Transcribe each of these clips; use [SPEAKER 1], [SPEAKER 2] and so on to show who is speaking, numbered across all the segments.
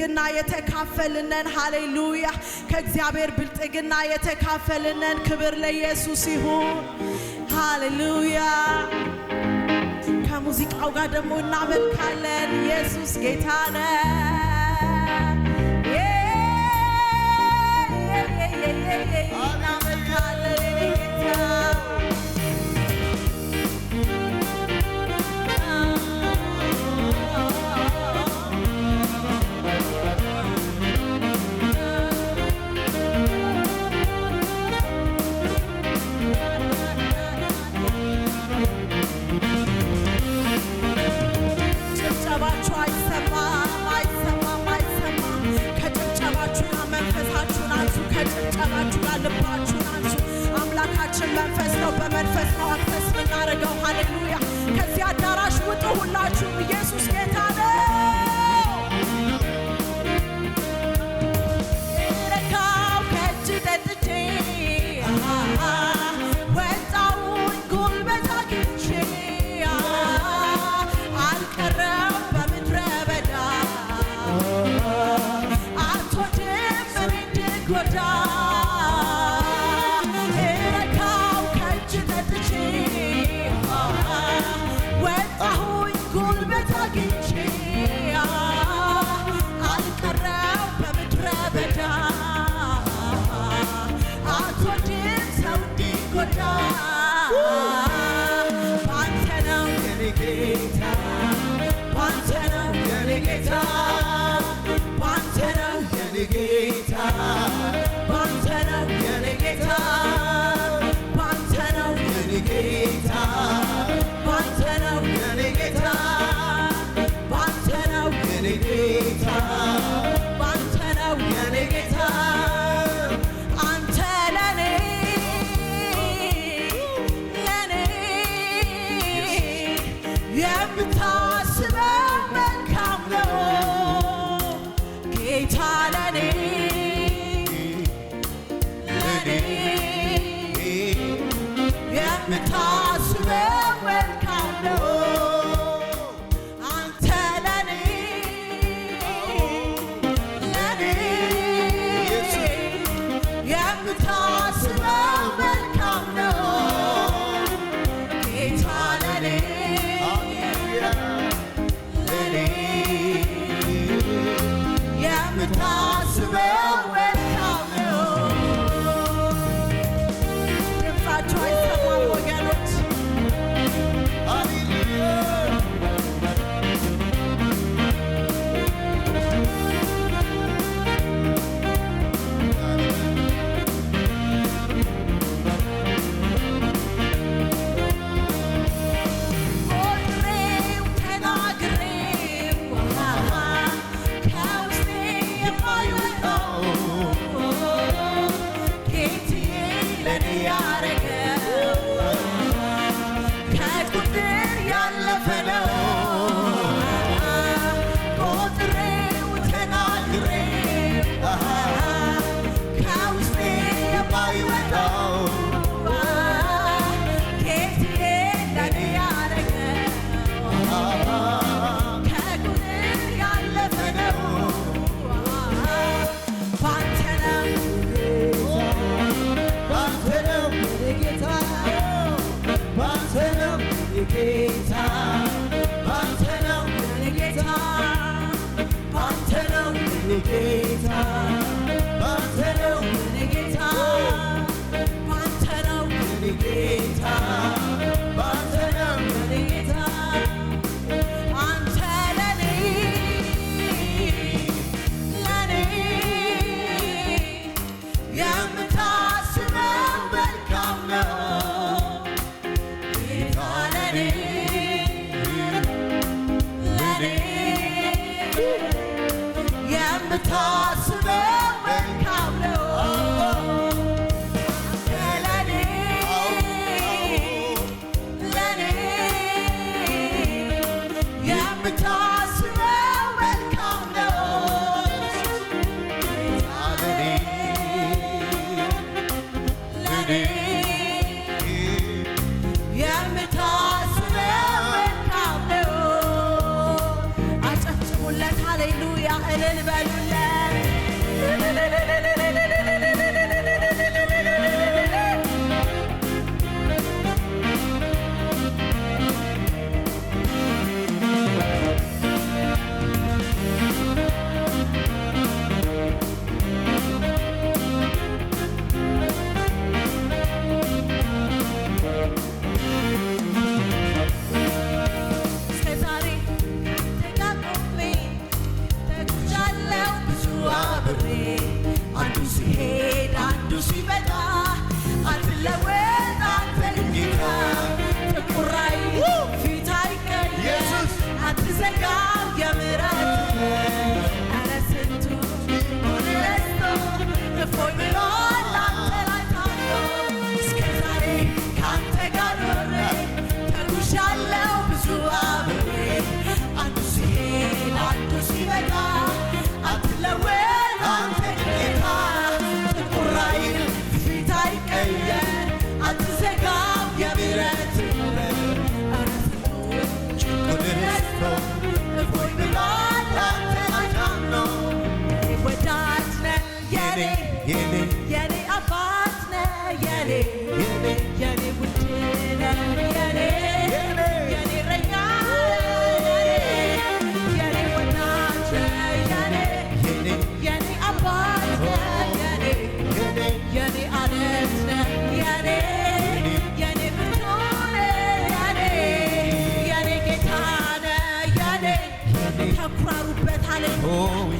[SPEAKER 1] ብልጥግና የተካፈልነን፣ ሃሌሉያ ከእግዚአብሔር ብልጥግና የተካፈልነን። ክብር ለኢየሱስ ይሁን። ሃሌሉያ ከሙዚቃው ጋር ደግሞ እናመልካለን። ኢየሱስ ጌታ ነው። time. el ele belgüller. የኔ የኔ የኔ አባት ነ የኔ የኔ የኔ ውድ ነህ የኔ አባት ነህ የኔ የኔ የኔ አለት የኔ የኔ የኔ የኔ ጌታ ነህ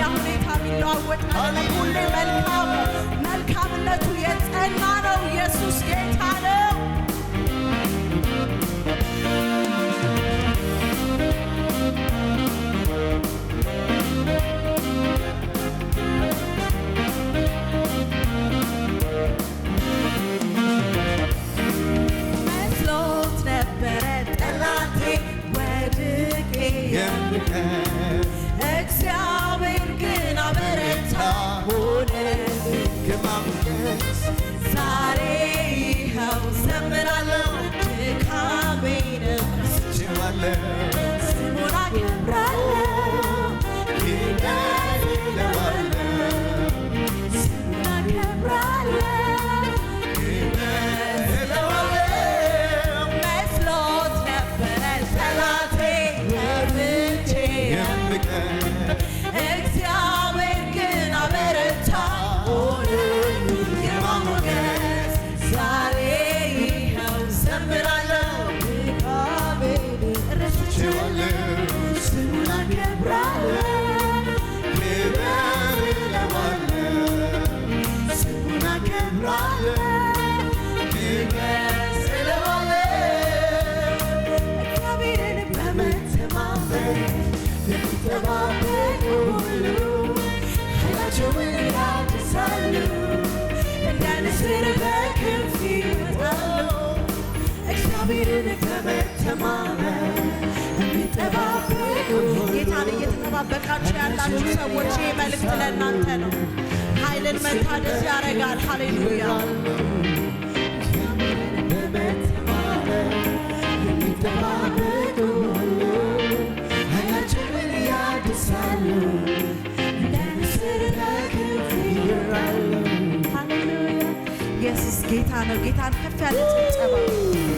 [SPEAKER 1] የእኛ ሁኔታ የሚለዋወጥ አይደለም። ሁሌ መልካም መልካምነቱ የጸና ነው። ኢየሱስ ጌታ ነው። ጌታን እየተጠባበቃችሁ ያላችሁ ሰዎች ይህ መልእክት ለእናንተ ነው። ያንን መታደስ ያደርጋል። ሃሌሉያ ኢየሱስ ጌታ ነው። ጌታን ከፍ ያለ ጭብጨባ